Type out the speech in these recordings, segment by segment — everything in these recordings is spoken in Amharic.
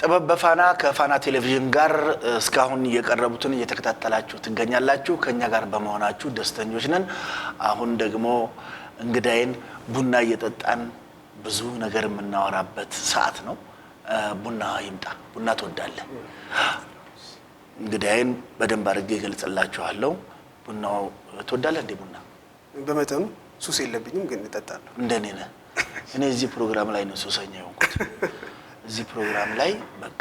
ጥበብ በፋና ከፋና ቴሌቪዥን ጋር እስካሁን እየቀረቡትን እየተከታተላችሁ ትገኛላችሁ። ከእኛ ጋር በመሆናችሁ ደስተኞች ነን። አሁን ደግሞ እንግዳይን ቡና እየጠጣን ብዙ ነገር የምናወራበት ሰዓት ነው። ቡና ይምጣ። ቡና ትወዳለህ? እንግዳይን በደንብ አድርጌ እገልጽላችኋለሁ። ቡናው ትወዳለህ እንዴ? ቡና በመጠኑ ሱስ የለብኝም፣ ግን እጠጣለሁ። እንደኔ ነህ። እኔ እዚህ ፕሮግራም ላይ ነው ሱሰኛ የሆንኩት። እዚህ ፕሮግራም ላይ በቃ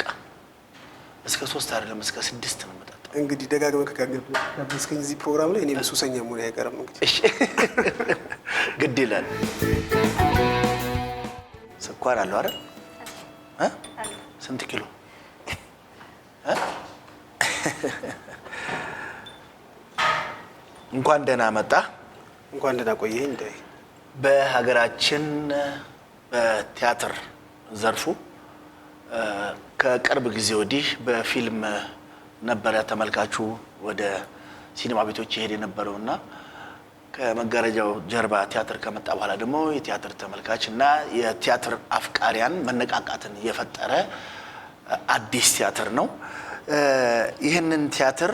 እስከ ሶስት አይደለም እስከ ስድስት ነው የምጠጣው። እንግዲህ ደጋግመ ከጋበዝከኝ እዚህ ፕሮግራም ላይ እኔ ሱሰኛ መሆን አይቀርም። እንግዲህ ግድ ይላል። ስኳር አለው አይደል? ስንት ኪሎ? እንኳን ደህና መጣ። እንኳን ደህና እንደ በሀገራችን በቲያትር ዘርፉ ከቅርብ ጊዜ ወዲህ በፊልም ነበረ ተመልካቹ ወደ ሲኒማ ቤቶች ይሄድ የነበረው እና ከመጋረጃው ጀርባ ቲያትር ከመጣ በኋላ ደግሞ የቲያትር ተመልካች እና የቲያትር አፍቃሪያን መነቃቃትን የፈጠረ አዲስ ቲያትር ነው። ይህንን ቲያትር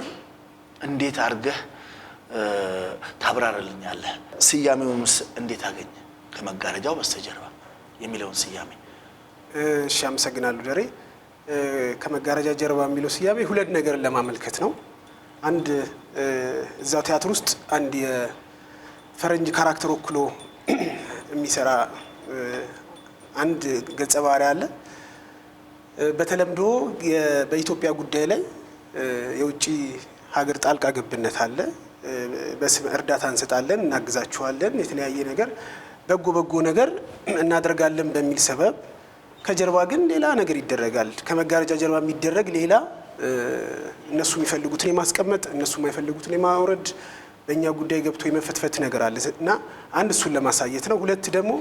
እንዴት አድርገህ ታብራራልኛለህ። ስያሜውንስ እንዴት አገኘ? ከመጋረጃው በስተጀርባ የሚለውን ስያሜ። እሺ፣ አመሰግናለሁ ደሬ። ከመጋረጃ ጀርባ የሚለው ስያሜ ሁለት ነገርን ለማመልከት ነው። አንድ እዛ ቲያትር ውስጥ አንድ የፈረንጅ ካራክተር ወክሎ የሚሰራ አንድ ገጸ ባህሪ አለ። በተለምዶ በኢትዮጵያ ጉዳይ ላይ የውጭ ሀገር ጣልቃ ገብነት አለ። በስም እርዳታ እንሰጣለን፣ እናግዛችኋለን፣ የተለያየ ነገር በጎ በጎ ነገር እናደርጋለን በሚል ሰበብ ከጀርባ ግን ሌላ ነገር ይደረጋል። ከመጋረጃ ጀርባ የሚደረግ ሌላ እነሱ የሚፈልጉትን የማስቀመጥ እነሱ የማይፈልጉትን የማውረድ በእኛ ጉዳይ ገብቶ የመፈትፈት ነገር አለ እና አንድ እሱን ለማሳየት ነው። ሁለት ደግሞ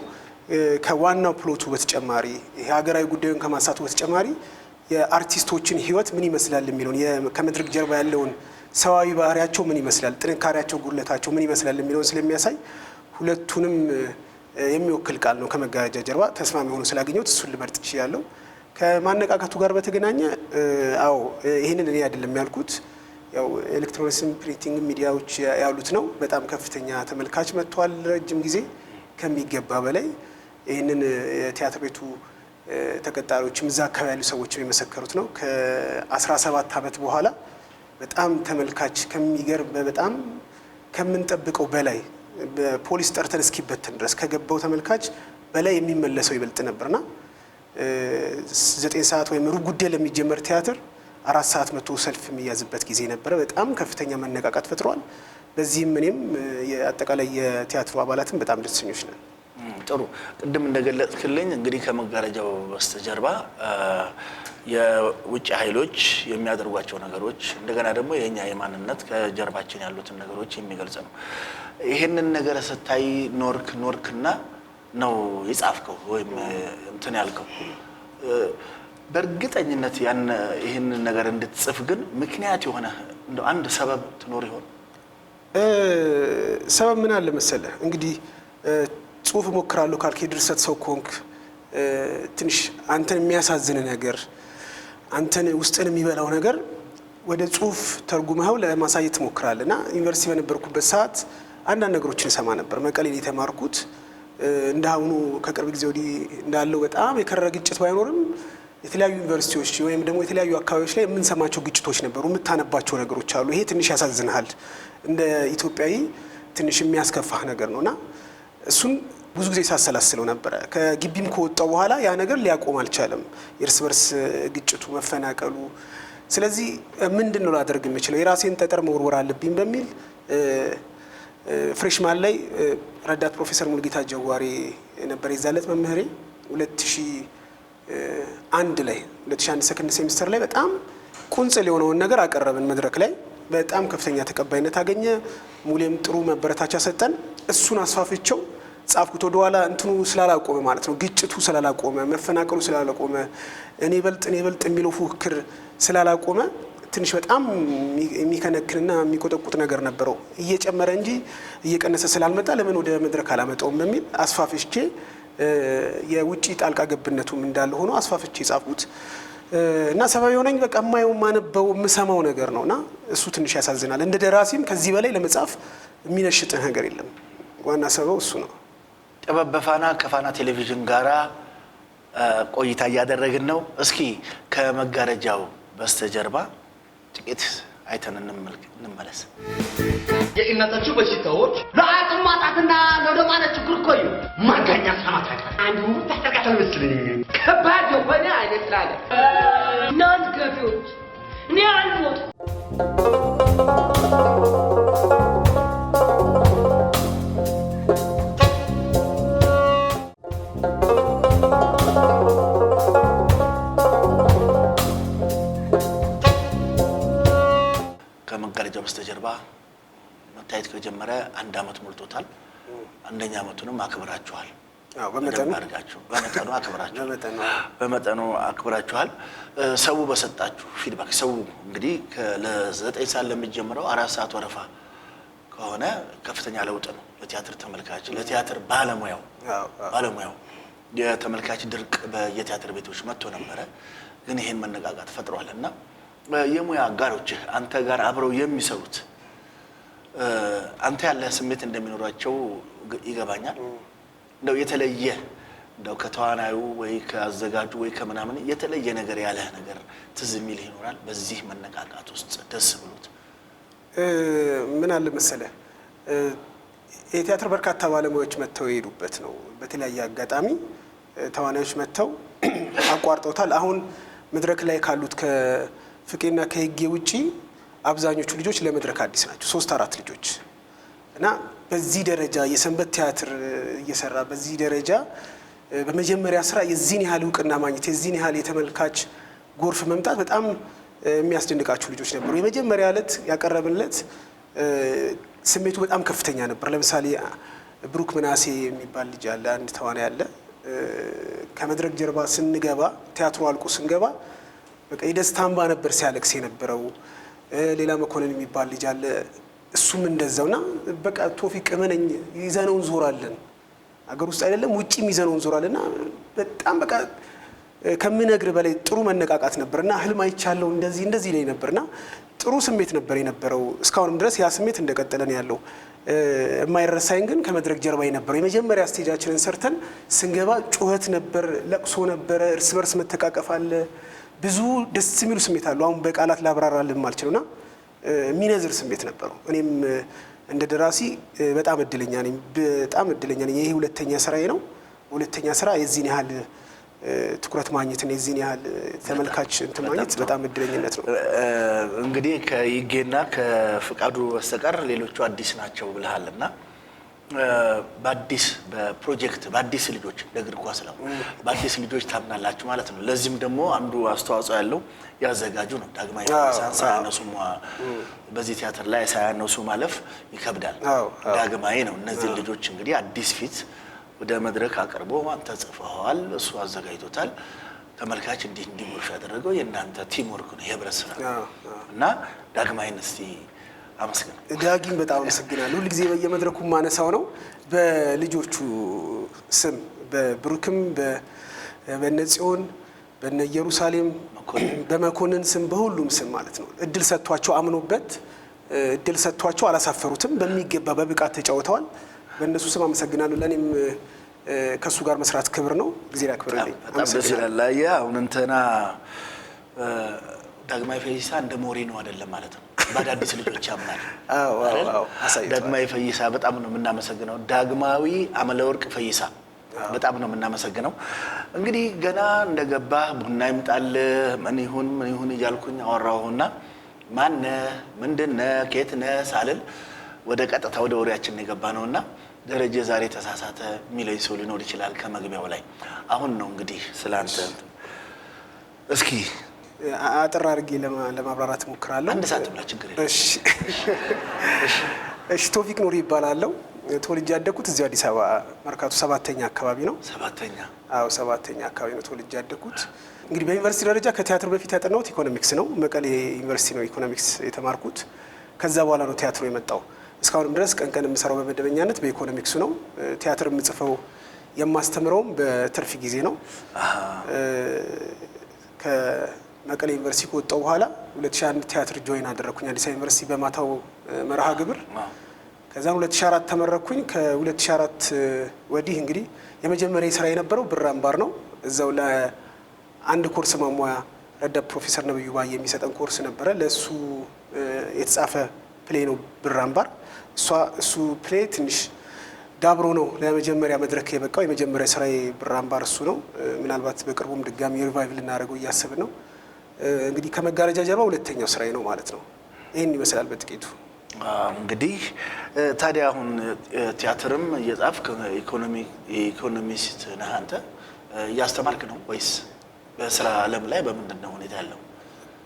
ከዋናው ፕሎቱ በተጨማሪ የሀገራዊ ጉዳዩን ከማንሳቱ በተጨማሪ የአርቲስቶችን ሕይወት ምን ይመስላል የሚለውን ከመድረክ ጀርባ ያለውን ሰዋዊ ባህሪያቸው ምን ይመስላል፣ ጥንካሬያቸው፣ ጉድለታቸው ምን ይመስላል የሚለውን ስለሚያሳይ ሁለቱንም የሚወክል ቃል ነው። ከመጋረጃ ጀርባ ተስማሚ ሆኖ ስላገኘሁት እሱን ልመርጥ እችላለሁ። ከማነቃቀቱ ጋር በተገናኘ አዎ ይህንን እኔ አይደለም ያልኩት፣ ያው ኤሌክትሮኒክስም ፕሪንቲንግ ሚዲያዎች ያሉት ነው። በጣም ከፍተኛ ተመልካች መጥቷል። ረጅም ጊዜ ከሚገባ በላይ ይህንን የቲያትር ቤቱ ተቀጣሪዎችም እዛ አካባቢ ያሉ ሰዎችም የመሰከሩት ነው። ከ17 ዓመት በኋላ በጣም ተመልካች ከሚገርም በጣም ከምንጠብቀው በላይ በፖሊስ ጠርተን እስኪበትን ድረስ ከገባው ተመልካች በላይ የሚመለሰው ይበልጥ ነበርና ዘጠኝ ሰዓት ወይም ሩብ ጉዳይ ለሚጀመር ቲያትር አራት ሰዓት መቶ ሰልፍ የሚያዝበት ጊዜ ነበረ። በጣም ከፍተኛ መነቃቃት ፈጥሯል። በዚህም እኔም አጠቃላይ የቲያትሩ አባላትም በጣም ደስተኞች ነን። ጥሩ። ቅድም እንደገለጽክልኝ እንግዲህ ከመጋረጃው በስተጀርባ የውጭ ኃይሎች የሚያደርጓቸው ነገሮች እንደገና ደግሞ የእኛ የማንነት ከጀርባችን ያሉትን ነገሮች የሚገልጽ ነው። ይህንን ነገር ስታይ ኖርክ ኖርክና ነው የጻፍከው ወይም እንትን ያልከው። በእርግጠኝነት ይህንን ነገር እንድትጽፍ ግን ምክንያት የሆነ እንደ አንድ ሰበብ ትኖር ይሆን? ሰበብ ምን አለ መሰለህ እንግዲህ ጽሁፍ እሞክራለሁ ካልክ የድርሰት ሰው ከሆንክ ትንሽ አንተን የሚያሳዝን ነገር አንተን ውስጥን የሚበላው ነገር ወደ ጽሁፍ ተርጉመኸው ለማሳየት ትሞክራለህ እና ዩኒቨርሲቲ በነበርኩበት ሰዓት አንዳንድ ነገሮችን እሰማ ነበር። መቀሌን የተማርኩት እንደ አሁኑ ከቅርብ ጊዜ ወዲህ እንዳለው በጣም የከረረ ግጭት ባይኖርም የተለያዩ ዩኒቨርሲቲዎች ወይም ደግሞ የተለያዩ አካባቢዎች ላይ የምንሰማቸው ግጭቶች ነበሩ፣ የምታነባቸው ነገሮች አሉ። ይሄ ትንሽ ያሳዝንሃል፣ እንደ ኢትዮጵያዊ ትንሽ የሚያስከፋህ ነገር ነው እና እሱን ብዙ ጊዜ ሳሰላስለው ነበረ። ከግቢም ከወጣው በኋላ ያ ነገር ሊያቆም አልቻለም፣ የእርስ በርስ ግጭቱ፣ መፈናቀሉ። ስለዚህ ምንድን ነው ላደርግ የምችለው የራሴን ጠጠር መወርወር አለብኝ በሚል ፍሬሽማን ላይ ረዳት ፕሮፌሰር ሙልጌታ ጀዋሪ ነበር የዛለት መምህሬ 2001 ላይ 2001 ሰከንድ ሴሚስተር ላይ በጣም ቁንጽል የሆነውን ነገር አቀረብን መድረክ ላይ በጣም ከፍተኛ ተቀባይነት አገኘ። ሙሌም ጥሩ መበረታቻ ሰጠን። እሱን አስፋፍቸው ጻፍኩት ወደኋላ እንትኑ ስላላቆመ ማለት ነው። ግጭቱ ስላላቆመ፣ መፈናቀሉ ስላላቆመ፣ እኔ በልጥ እኔ በልጥ የሚለው ፉክክር ስላላቆመ ትንሽ በጣም የሚከነክንና የሚቆጠቁጥ ነገር ነበረው። እየጨመረ እንጂ እየቀነሰ ስላልመጣ ለምን ወደ መድረክ አላመጣውም በሚል አስፋፍቼ የውጭ ጣልቃ ገብነቱም እንዳለ ሆኖ አስፋፍቼ የጻፍኩት እና ሰብአዊ የሆነኝ በቃ የማየው የማነበው የምሰማው ነገር ነው እና እሱ ትንሽ ያሳዝናል። እንደ ደራሲም ከዚህ በላይ ለመጻፍ የሚነሽጥ ነገር የለም። ዋና ሰበው እሱ ነው። ጥበብ በፋና ከፋና ቴሌቪዥን ጋራ ቆይታ እያደረግን ነው። እስኪ ከመጋረጃው በስተጀርባ ጥቂት አይተን እንመለስ። የእነቶቹ በሽታዎች ለአቅም ማጣትና ለደማነ ማለት ችግር እኮዩ ማጋኛ ሰማት አንዱ ታስተርጋታል መስልኝ ከባድ የሆነ አይነት ላለ እናንት ገፊዎች እኔ አልሞት በስተጀርባ መታየት ከጀመረ አንድ አመት ሞልቶታል። አንደኛ አመቱንም አክብራችኋል። በመጠኑ አክብራችኋል። በመጠኑ አክብራችኋል። ሰው በሰጣችሁ ፊድባክ ሰው እንግዲህ ለዘጠኝ ሰዓት ለሚጀምረው አራት ሰዓት ወረፋ ከሆነ ከፍተኛ ለውጥ ነው ለቲያትር ተመልካች፣ ለቲያትር ባለሙያው ባለሙያው የተመልካች ድርቅ በየቲያትር ቤቶች መጥቶ ነበረ፣ ግን ይሄን መነቃቃት ፈጥሯል እና የሙያ አጋሮችህ አንተ ጋር አብረው የሚሰሩት አንተ ያለህ ስሜት እንደሚኖራቸው ይገባኛል። እንደው የተለየ እንደው ከተዋናዩ ወይ ከአዘጋጁ ወይ ከምናምን የተለየ ነገር ያለህ ነገር ትዝ የሚልህ ይኖራል። በዚህ መነቃቃት ውስጥ ደስ ብሎት ምን አለ መሰለህ የቲያትር በርካታ ባለሙያዎች መጥተው የሄዱበት ነው። በተለያየ አጋጣሚ ተዋናዮች መጥተው አቋርጠውታል። አሁን መድረክ ላይ ካሉት ፍቄና ከህጌ ውጪ አብዛኞቹ ልጆች ለመድረክ አዲስ ናቸው። ሶስት አራት ልጆች እና በዚህ ደረጃ የሰንበት ቲያትር እየሰራ በዚህ ደረጃ በመጀመሪያ ስራ የዚህን ያህል እውቅና ማግኘት የዚህን ያህል የተመልካች ጎርፍ መምጣት በጣም የሚያስደንቃችሁ ልጆች ነበሩ። የመጀመሪያ ዕለት ያቀረብንለት ስሜቱ በጣም ከፍተኛ ነበር። ለምሳሌ ብሩክ ምናሴ የሚባል ልጅ አለ፣ አንድ ተዋናይ አለ። ከመድረክ ጀርባ ስንገባ ቲያትሩ አልቆ ስንገባ በቃ የደስታ እንባ ነበር ሲያለቅስ የነበረው። ሌላ መኮንን የሚባል ልጅ አለ እሱም እንደዛው እና በቃ ቶፊቅ እመነኝ ይዘነው እንዞራለን። አገር ውስጥ አይደለም ውጭም ይዘነው እንዞራለን እና በጣም በቃ ከምነግር በላይ ጥሩ መነቃቃት ነበር እና ህልም አይቻለው እንደዚህ እንደዚህ ላይ ነበር እና ጥሩ ስሜት ነበር የነበረው። እስካሁንም ድረስ ያ ስሜት እንደቀጠለን ያለው። የማይረሳኝ ግን ከመድረክ ጀርባ የነበረው የመጀመሪያ ስቴጃችንን ሰርተን ስንገባ ጩኸት ነበር፣ ለቅሶ ነበረ፣ እርስ በርስ መተቃቀፍ አለ ብዙ ደስ የሚሉ ስሜት አሉ። አሁን በቃላት ላብራራ ልማልችልና የሚነዝር ስሜት ነበረው። እኔም እንደ ደራሲ በጣም እድለኛ ነኝ፣ በጣም እድለኛ ነኝ። ይሄ ሁለተኛ ስራዬ ነው። ሁለተኛ ስራ የዚህን ያህል ትኩረት ነው፣ የዚህን ያህል ተመልካች እንትን ማግኘት በጣም እድለኝነት ነው። እንግዲህ ከይጌና ከፍቃዱ በስተቀር ሌሎቹ አዲስ ናቸው ብልሃል እና በአዲስ በፕሮጀክት በአዲስ ልጆች ለእግር ኳስ ነው። በአዲስ ልጆች ታምናላችሁ ማለት ነው። ለዚህም ደግሞ አንዱ አስተዋጽኦ ያለው ያዘጋጁ ነው። ዳግማዊ ሳያነሱ በዚህ ቲያትር ላይ ሳያነሱ ማለፍ ይከብዳል። ዳግማዊ ነው። እነዚህ ልጆች እንግዲህ አዲስ ፊት ወደ መድረክ አቅርቦ አንተ ጽፈኸዋል፣ እሱ አዘጋጅቶታል፣ ተመልካች እንዲህ እንዲሞሽ ያደረገው የእናንተ ቲም ወርክ ነው፣ የህብረት ስራ እና ዳግማዊን እስቲ አመስግናለሁ። ዳጊም በጣም አመሰግናለሁ። ሁልጊዜ በየመድረኩ ማነሳው ነው በልጆቹ ስም በብሩክም በነጽዮን በነ ኢየሩሳሌም በመኮንን ስም በሁሉም ስም ማለት ነው እድል ሰጥቷቸው አምኖበት እድል ሰጥቷቸው አላሳፈሩትም። በሚገባ በብቃት ተጫውተዋል። በእነሱ ስም አመሰግናለሁ። ለእኔም ከእሱ ጋር መስራት ክብር ነው። ጊዜ ያክብርልኝ። በጣም ደስ ይላል። አየህ አሁን እንትና ዳግማዊ ፈይሳ እንደ ሞሬ ነው አይደለም ማለት ነው በአዳዲስ ልጆች ያምናል። ዳግማዊ ፈይሳ በጣም ነው የምናመሰግነው። ዳግማዊ አመለወርቅ ፈይሳ በጣም ነው የምናመሰግነው። እንግዲህ ገና እንደገባ ቡና ይምጣል ምን ይሁን ምን ይሁን እያልኩኝ አወራሁና ማነ ምንድነ ኬትነ ሳልል ወደ ቀጥታ ወደ ወሬያችን የገባ ነውና ደረጀ ዛሬ ተሳሳተ የሚለኝ ሰው ሊኖር ይችላል። ከመግቢያው ላይ አሁን ነው እንግዲህ ስለ አንተ እስኪ አጥር አድርጌ ለማብራራት እሞክራለሁ። አንድ ሰዓት ብላ ችግር እሺ። ቶፊቅ ኑሪ ይባላለሁ። ተወልጄ ያደግኩት እዚሁ አዲስ አበባ መርካቶ ሰባተኛ አካባቢ ነው። ሰባተኛ አዎ፣ ሰባተኛ አካባቢ ነው ተወልጄ ያደግኩት። እንግዲህ በዩኒቨርሲቲ ደረጃ ከቲያትር በፊት ያጠናሁት ኢኮኖሚክስ ነው። መቀሌ ዩኒቨርሲቲ ነው ኢኮኖሚክስ የተማርኩት። ከዛ በኋላ ነው ቲያትሩ የመጣው። እስካሁንም ድረስ ቀን ቀን የምሰራው በመደበኛነት በኢኮኖሚክሱ ነው። ቲያትር የምጽፈው የማስተምረውም በትርፍ ጊዜ ነው። መቀሌ ዩኒቨርሲቲ ከወጣው በኋላ 2001 ቲያትር ጆይን አደረግኩኝ አዲስ አበባ ዩኒቨርሲቲ በማታው መርሃ ግብር። ከዛም 2004 ተመረኩኝ። ከ2004 ወዲህ እንግዲህ የመጀመሪያ ስራ የነበረው ብር አምባር ነው። እዛው ለአንድ ኮርስ መሟያ ረዳት ፕሮፌሰር ነብዩ ባይ የሚሰጠን ኮርስ ነበረ። ለእሱ የተጻፈ ፕሌ ነው ብር አምባር። እሷ እሱ ፕሌ ትንሽ ዳብሮ ነው ለመጀመሪያ መድረክ የበቃው። የመጀመሪያ ስራ ብር አምባር እሱ ነው። ምናልባት በቅርቡም ድጋሚ ሪቫይቭ ልናደርገው እያሰብን ነው። እንግዲህ ከመጋረጃ ጀርባ ሁለተኛው ስራዬ ነው ማለት ነው። ይህን ይመስላል በጥቂቱ። እንግዲህ ታዲያ አሁን ቲያትርም እየጻፍ ኢኮኖሚስት ነህ አንተ፣ እያስተማርክ ነው ወይስ በስራ አለም ላይ በምንድን ነው ሁኔታ ያለው?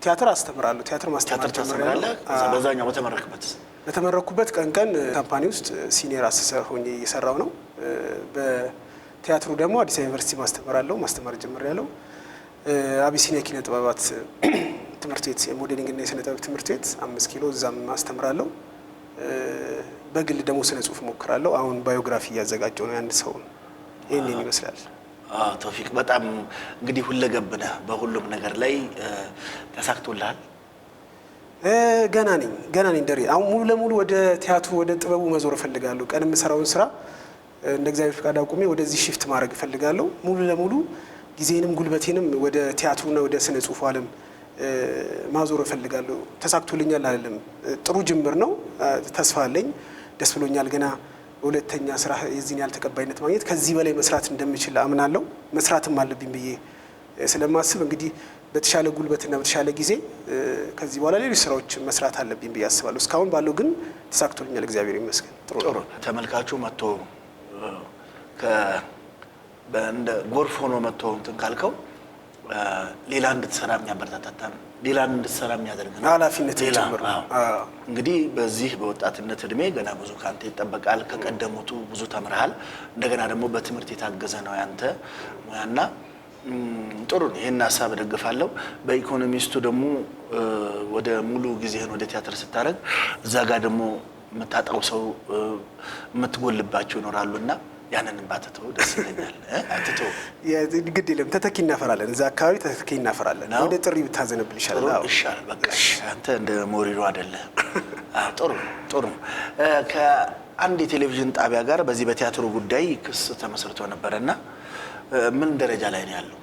ቲያትር አስተምራለሁ። ቲያትር ማስተማር ትጀምራለህ? በዛኛው በተመረክበት በተመረኩበት ቀን ቀን ካምፓኒ ውስጥ ሲኒየር አስሰር ሆኜ እየሰራው ነው። በቲያትሩ ደግሞ አዲስ ዩኒቨርሲቲ ማስተምራለሁ። ማስተማር ጀምሬያለሁ። አቢሲኒያ ኪነ ጥበባት ትምህርት ቤት እና የስነ ጥበብ ትምህርት ቤት አምስት ኪሎ እዛም አስተምራለሁ። በግል ደግሞ ስነ ጽሁፍ ሞክራለሁ። አሁን ባዮግራፊ እያዘጋጀው ነው የአንድ ሰው ይህንን ይመስላል። ተውፊቅ በጣም እንግዲህ ሁለገብ በሁሉም ነገር ላይ ተሳክቶልሃል። ገና ነኝ ገና ነኝ ደሬ። አሁን ሙሉ ለሙሉ ወደ ቲያትሩ ወደ ጥበቡ መዞር እፈልጋለሁ። ቀን የምሰራውን ስራ እንደ እግዚአብሔር ፍቃድ አቁሜ ወደዚህ ሽፍት ማድረግ እፈልጋለሁ ሙሉ ለሙሉ ጊዜንም ጉልበቴንም ወደ ቲያትሩና ወደ ስነ ጽሁፍ ዓለም ማዞር እፈልጋለሁ። ተሳክቶልኛል አለም ጥሩ ጅምር ነው። ተስፋ አለኝ፣ ደስ ብሎኛል። ገና በሁለተኛ ስራ የዚህን ያህል ተቀባይነት ማግኘት ከዚህ በላይ መስራት እንደምችል አምናለሁ። መስራትም አለብኝ ብዬ ስለማስብ እንግዲህ በተሻለ ጉልበትና በተሻለ ጊዜ ከዚህ በኋላ ሌሎች ስራዎች መስራት አለብኝ ብዬ አስባለሁ። እስካሁን ባለው ግን ተሳክቶልኛል፣ እግዚአብሔር ይመስገን። ጥሩ ተመልካቹ መጥቶ እንደ ጎርፍ ሆኖ መጥቶ እንትን ካልከው ሌላ እንድትሰራ የሚያበረታታ ነው። ሌላ እንድትሰራ የሚያደርግ ነው። ኃላፊነት ጨምር እንግዲህ በዚህ በወጣትነት እድሜ ገና ብዙ ከአንተ ይጠበቃል። ከቀደሙቱ ብዙ ተምርሃል። እንደገና ደግሞ በትምህርት የታገዘ ነው ያንተ ሙያና ጥሩ ነው። ይህን ሀሳብ እደግፋለሁ። በኢኮኖሚስቱ ደግሞ ወደ ሙሉ ጊዜህን ወደ ቲያትር ስታደርግ እዛ ጋር ደግሞ የምታጣው ሰው የምትጎልባቸው ይኖራሉና ያንንም ባትቶ ደስ ይለኛል። አትቶ ግድ የለም ተተኪ እናፈራለን። እዛ አካባቢ ተተኪ እናፈራለን። ወደ ጥሪ ብታዘነብል ይሻላል። ይሻላል። በቃ አንተ እንደ ሞሪሮ አደለ። ጥሩ ጥሩ። ከአንድ የቴሌቪዥን ጣቢያ ጋር በዚህ በቲያትሩ ጉዳይ ክስ ተመስርቶ ነበረ እና ምን ደረጃ ላይ ነው ያለው?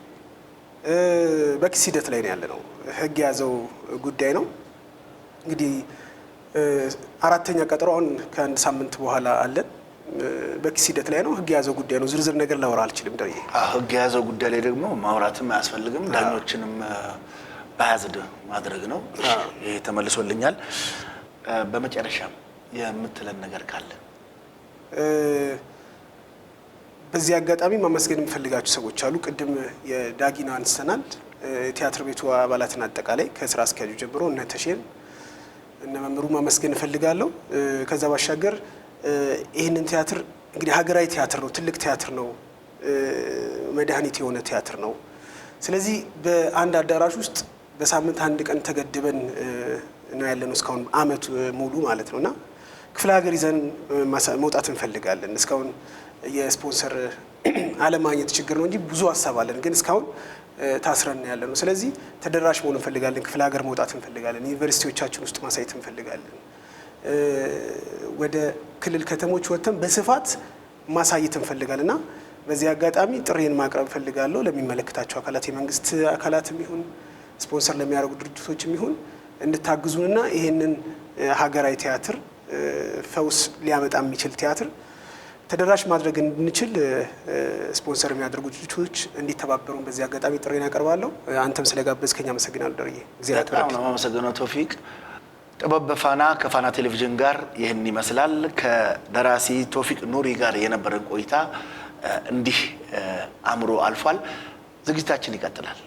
በክስ ሂደት ላይ ነው ያለ ነው። ህግ የያዘው ጉዳይ ነው እንግዲህ አራተኛ ቀጠሮ አሁን ከአንድ ሳምንት በኋላ አለን በኪስ ሂደት ላይ ነው። ህግ የያዘው ጉዳይ ነው። ዝርዝር ነገር ላወራ አልችልም። ደ ህግ የያዘው ጉዳይ ላይ ደግሞ ማውራትም አያስፈልግም። ዳኞችንም በያዝድ ማድረግ ነው። ይሄ ተመልሶልኛል። በመጨረሻም የምትለን ነገር ካለ በዚህ አጋጣሚ ማመስገን የምፈልጋችሁ ሰዎች አሉ። ቅድም የዳጊና አንስተናል። ቲያትር ቤቱ አባላትን አጠቃላይ ከስራ አስኪያጁ ጀምሮ እነ ተሼን እነ መምሩ ማመስገን እፈልጋለሁ። ከዛ ባሻገር ይህንን ቲያትር እንግዲህ ሀገራዊ ቲያትር ነው፣ ትልቅ ቲያትር ነው፣ መድኃኒት የሆነ ቲያትር ነው። ስለዚህ በአንድ አዳራሽ ውስጥ በሳምንት አንድ ቀን ተገድበን ነው ያለነው እስካሁን አመት ሙሉ ማለት ነው እና ክፍለ ሀገር ይዘን መውጣት እንፈልጋለን። እስካሁን የስፖንሰር አለማግኘት ችግር ነው እንጂ ብዙ ሀሳብ አለን፣ ግን እስካሁን ታስረን ያለ ነው። ስለዚህ ተደራሽ መሆን እንፈልጋለን። ክፍለ ሀገር መውጣት እንፈልጋለን። ዩኒቨርሲቲዎቻችን ውስጥ ማሳየት እንፈልጋለን። ወደ ክልል ከተሞች ወጥተን በስፋት ማሳየት እንፈልጋል እና በዚህ አጋጣሚ ጥሬን ማቅረብ እፈልጋለሁ ለሚመለከታቸው አካላት የመንግስት አካላት ይሁን ስፖንሰር ለሚያደርጉ ድርጅቶች ይሁን እንድታግዙንና ይህንን ሀገራዊ ቲያትር ፈውስ ሊያመጣ የሚችል ቲያትር ተደራሽ ማድረግ እንድንችል ስፖንሰር የሚያደርጉ ድርጅቶች እንዲተባበሩን በዚህ አጋጣሚ ጥሬን አቀርባለሁ። አንተም ስለጋበዝከኝ አመሰግናለሁ። ደርዬ ጊዜ ነው። አመሰግናለሁ ቶፊቅ። ጥበብ በፋና ከፋና ቴሌቪዥን ጋር ይህን ይመስላል። ከደራሲ ቶፊቅ ኑሪ ጋር የነበረን ቆይታ እንዲህ አእምሮ አልፏል። ዝግጅታችን ይቀጥላል።